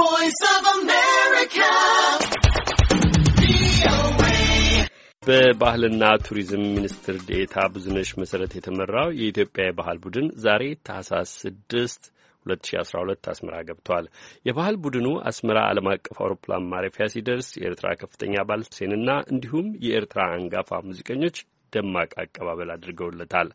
voice of America. በባህልና ቱሪዝም ሚኒስትር ዴታ ብዙነሽ መሰረት የተመራው የኢትዮጵያ የባህል ቡድን ዛሬ ታህሳስ ስድስት 2012 አስመራ ገብቷል። የባህል ቡድኑ አስመራ ዓለም አቀፍ አውሮፕላን ማረፊያ ሲደርስ የኤርትራ ከፍተኛ ባልሴንና እንዲሁም የኤርትራ አንጋፋ ሙዚቀኞች ደማቅ አቀባበል አድርገውለታል።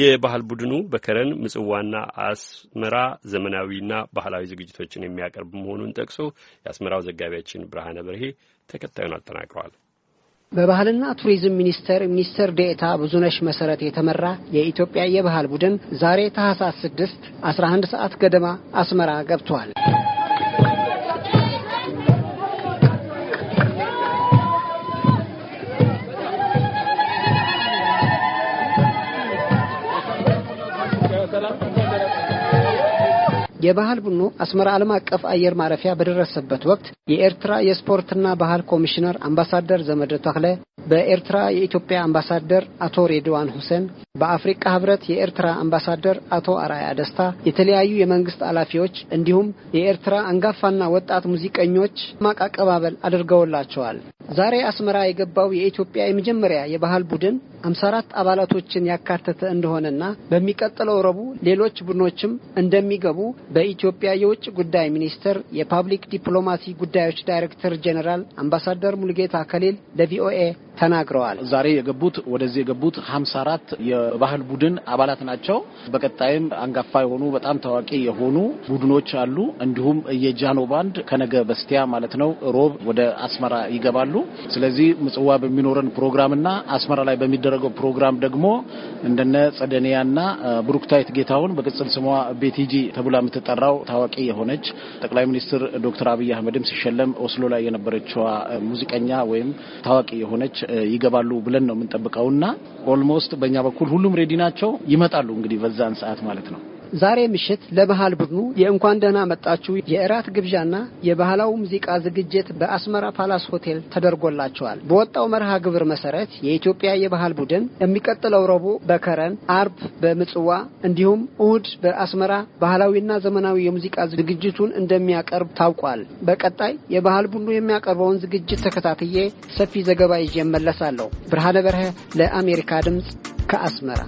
የባህል ቡድኑ በከረን ምጽዋና አስመራ ዘመናዊና ባህላዊ ዝግጅቶችን የሚያቀርብ መሆኑን ጠቅሶ የአስመራው ዘጋቢያችን ብርሃነ በርሄ ተከታዩን አጠናቅረዋል። በባህልና ቱሪዝም ሚኒስቴር ሚኒስትር ዴኤታ ብዙነሽ መሰረት የተመራ የኢትዮጵያ የባህል ቡድን ዛሬ ታህሳስ 6 11 ሰዓት ገደማ አስመራ ገብቷል። የባህል ቡኑ አስመራ ዓለም አቀፍ አየር ማረፊያ በደረሰበት ወቅት የኤርትራ የስፖርትና ባህል ኮሚሽነር አምባሳደር ዘመደ ተክለ፣ በኤርትራ የኢትዮጵያ አምባሳደር አቶ ሬድዋን ሁሴን፣ በአፍሪካ ህብረት የኤርትራ አምባሳደር አቶ አራያ ደስታ፣ የተለያዩ የመንግስት ኃላፊዎች እንዲሁም የኤርትራ አንጋፋና ወጣት ሙዚቀኞች ማቅ አቀባበል አድርገውላቸዋል። ዛሬ አስመራ የገባው የኢትዮጵያ የመጀመሪያ የባህል ቡድን 54 አባላቶችን ያካተተ እንደሆነና በሚቀጥለው ረቡዕ ሌሎች ቡድኖችም እንደሚገቡ በኢትዮጵያ የውጭ ጉዳይ ሚኒስቴር የፓብሊክ ዲፕሎማሲ ጉዳዮች ዳይሬክተር ጄኔራል አምባሳደር ሙልጌታ ከሌል ለቪኦኤ ተናግረዋል። ዛሬ የገቡት ወደዚህ የገቡት ሀምሳ አራት የባህል ቡድን አባላት ናቸው። በቀጣይም አንጋፋ የሆኑ በጣም ታዋቂ የሆኑ ቡድኖች አሉ። እንዲሁም የጃኖ ባንድ ከነገ በስቲያ ማለት ነው ሮብ ወደ አስመራ ይገባሉ። ስለዚህ ምጽዋ በሚኖረን ፕሮግራምና አስመራ ላይ በሚደረገው ፕሮግራም ደግሞ እንደነ ጸደኒያና ብሩክታይት ጌታሁን በቅጽል ስሟ ቤቲጂ ተብላ የምትጠራው ታዋቂ የሆነች ጠቅላይ ሚኒስትር ዶክተር አብይ አህመድም ሲሸለም ኦስሎ ላይ የነበረችዋ ሙዚቀኛ ወይም ታዋቂ የሆነች ይገባሉ ብለን ነው የምንጠብቀውና ኦልሞስት በእኛ በኩል ሁሉም ሬዲ ናቸው። ይመጣሉ እንግዲህ በዛን ሰዓት ማለት ነው። ዛሬ ምሽት ለባህል ቡድኑ የእንኳን ደህና መጣችሁ የእራት ግብዣና የባህላዊ ሙዚቃ ዝግጅት በአስመራ ፓላስ ሆቴል ተደርጎላቸዋል። በወጣው መርሃ ግብር መሰረት የኢትዮጵያ የባህል ቡድን የሚቀጥለው ረቡዕ በከረን፣ አርብ በምጽዋ እንዲሁም እሁድ በአስመራ ባህላዊና ዘመናዊ የሙዚቃ ዝግጅቱን እንደሚያቀርብ ታውቋል። በቀጣይ የባህል ቡድኑ የሚያቀርበውን ዝግጅት ተከታትዬ ሰፊ ዘገባ ይዤ እመለሳለሁ። ብርሃነ በርሀ ለአሜሪካ ድምፅ ከአስመራ